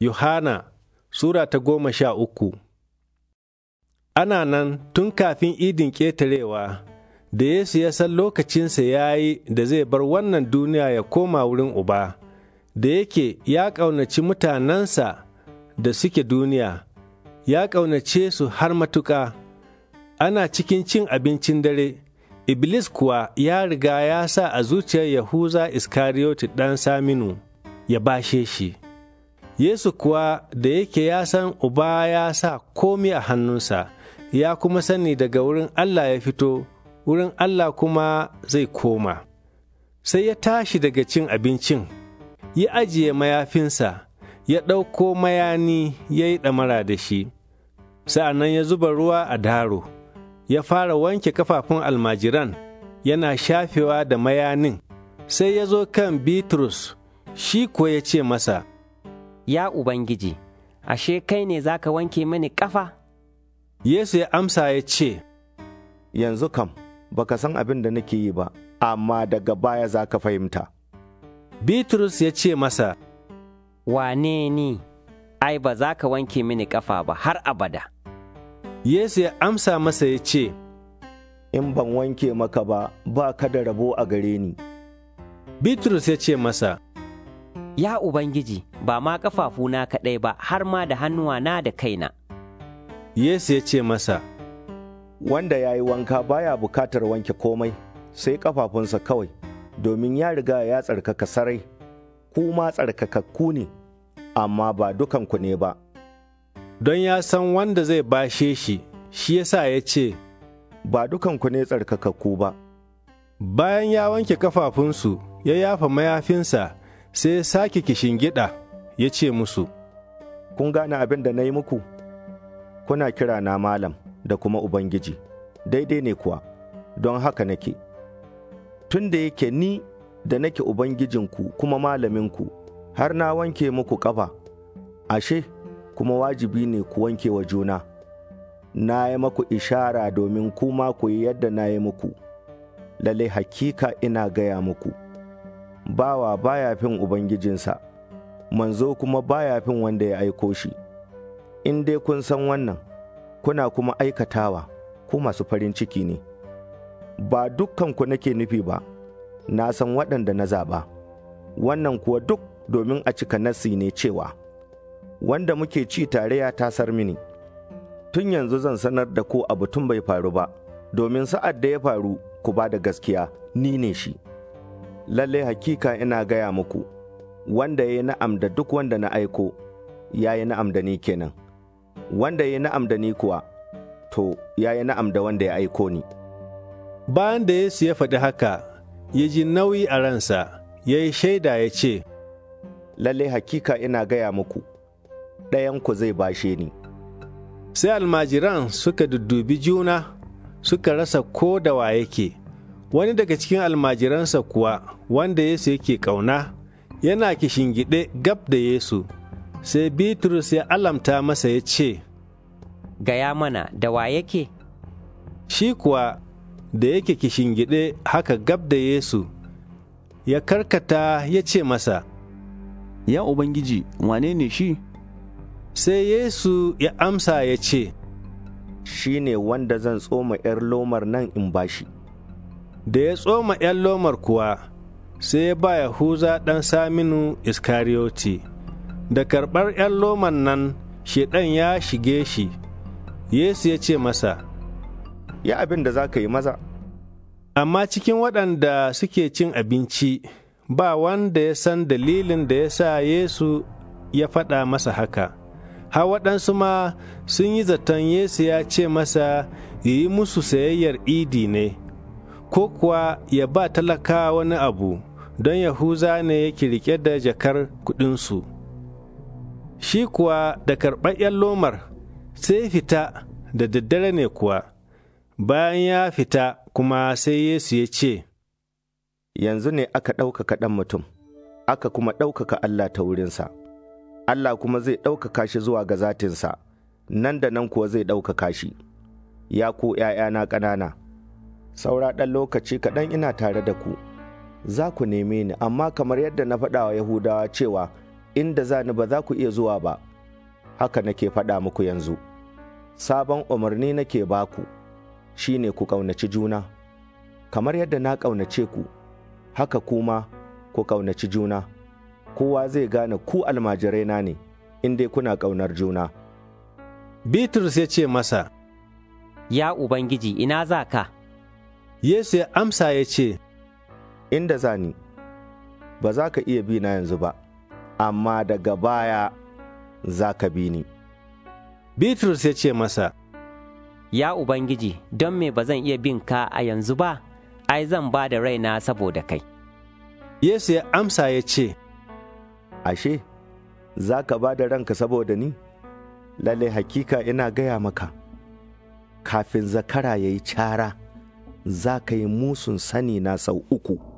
Yohana Sura ta goma sha uku Ana nan tun kafin idin ƙetarewa da Yesu ya san lokacinsa ya yi da zai bar wannan duniya ya koma wurin Uba, da yake ya ƙaunaci mutanensa da suke duniya, ya ƙaunace su har matuƙa. Ana cikin cin abincin dare, Iblis kuwa ya riga ya sa a zuciyar Yahuza Iskariyoti ɗan Saminu ya bashe shi. Yesu kuwa da yake ya san Uba ya sa komi a hannunsa, ya kuma sani daga wurin Allah ya fito, wurin Allah kuma zai koma. Sai ya tashi daga cin abincin, ya ajiye mayafinsa, ya ɗauko mayani ya yi ɗamara da shi, sa'an ya zuba ruwa a daro, ya fara wanke kafafun almajiran, yana shafewa da mayanin, sai ya zo kan Bitrus, shi ko ya ce masa, Ya Ubangiji, ashe kai ne za ka wanke mini ƙafa? Yesu ya amsa ya ce, Yanzu kam, baka san abin da nake yi ba, amma daga baya za ka fahimta. Bitrus ya ce masa, Wane ni, ai, ba za ka wanke mini ƙafa ba har abada. Yesu ya amsa masa ya ce, In ban wanke maka ba, ba ka da rabo a gare ni. Bitrus ya ce masa, Ya Ubangiji, ba ma ƙafafuna kaɗai ba har ma da hannuwa na da kaina. Yesu ya ce masa, Wanda ya yi wanka baya bukatar wanke komai, sai ƙafafunsa kawai, domin ya riga ya tsarkaka sarai, ku ma tsarkakakku ne, amma ba dukanku ne ba. Don ya san wanda zai bashe shi, shi yasa ya ce, Ba dukanku ne tsarkakakku ba. Bayan ya wanke ƙafafunsu, ya yafa mayafinsa, sai ya sake kishin gida. ya ce musu, Kun gane abin da na yi muku? Kuna kira na malam da kuma Ubangiji, daidai ne kuwa, don haka nake. Tun da yake ni da nake Ubangijinku kuma malaminku, har na wanke muku ƙafa, ashe, kuma wajibi ne ku wanke wa juna. Na yi maku ishara domin kuma ku yi yadda na yi muku, lalle hakika ina gaya muku, bawa baya fin Ubangijinsa. manzo kuma baya fin wanda ya aiko shi. In dai kun san wannan, kuna kuma aikatawa, ku masu farin ciki ne. Ba dukkanku nake nufi ba, na san waɗanda na zaɓa, wannan kuwa duk domin a cika nasi ne cewa, wanda muke ci tare ya tasar mini. Tun yanzu zan sanar da ku abu tun bai faru ba, domin sa'ad da ya faru ku ba da gaskiya, ni ne shi. Lallai hakika ina gaya muku. wanda ya na'am da duk wanda na aiko, ya yi na'am da ni kenan, wanda ya na'am da ni kuwa, to, ya yi na'am da wanda ya aiko ni. Bayan da Yesu ya faɗi haka, ya ji nauyi a ransa, ya yi shaida ya ce, Lalle hakika ina gaya muku, ɗayanku zai bashe ni. Sai almajiran suka duddubi juna, suka rasa ko da wa yake, wani daga cikin almajiransa kuwa wanda Yesu yake ƙauna. yana kishingide gab da Yesu, sai Bitrus ya alamta masa ya ce, Gaya mana da wa yake? Shi kuwa da yake kishingide haka gab da Yesu, ya karkata ya ce masa, Ya Ubangiji, wane ne shi? Sai Yesu ya amsa ya ce, Shi ne wanda zan tsoma ’yar lomar nan in bashi. Da ya tsoma ’yan lomar kuwa, sai ya ba Yahuza ɗan Saminu Iskariyoti. Da karɓar ‘yan loman nan, Shiɗan ya shige shi, Yesu ya ce masa, Ya abin da za ka yi maza. Amma cikin waɗanda suke cin abinci, ba wanda ya san dalilin da ya sa Yesu ya faɗa masa haka. har waɗansu ma sun yi zaton Yesu ya ce masa yi musu sayayyar idi ne, ko kuwa ya ba talaka wani abu don Yahuza ne yake riƙe da jakar kuɗinsu. Shi kuwa da karɓaɓɓen lomar sai fita da daddare ne kuwa, bayan ya fita kuma sai Yesu ya ce, Yanzu ne aka ɗaukaka ɗan mutum, aka kuma ɗaukaka Allah ta wurinsa, Allah kuma zai ɗaukaka shi zuwa ga zatinsa, nan da nan kuwa zai ɗaukaka shi, ya ku ’ya'yana ƙanana. saura ɗan lokaci kaɗan ina tare da ku za ku neme ni amma kamar yadda na faɗawa yahudawa cewa inda za ni ba za ku iya zuwa ba haka nake faɗa muku yanzu sabon umarni nake baku shine ku ƙaunaci juna kamar yadda na ƙaunace ku haka kuma ku ƙaunaci juna kowa zai gane ku almajirai na ne in kuna ƙaunar juna bitrus ya ce masa ya ubangiji ina za ka Yesu ya amsa ya ce, Inda za ni, ba za ka iya bi na yanzu ba, amma daga baya za ka bi ni. Bitrus ya ce masa, Ya Ubangiji, don me ba zan iya bin ka a yanzu ba, ai zan ba da raina saboda kai. Yesu ya amsa ya ce, Ashe, za ka ba da ranka saboda ni? Lalle hakika ina gaya maka, kafin zakara ya yi cara. za ka yi musun sani na sau uku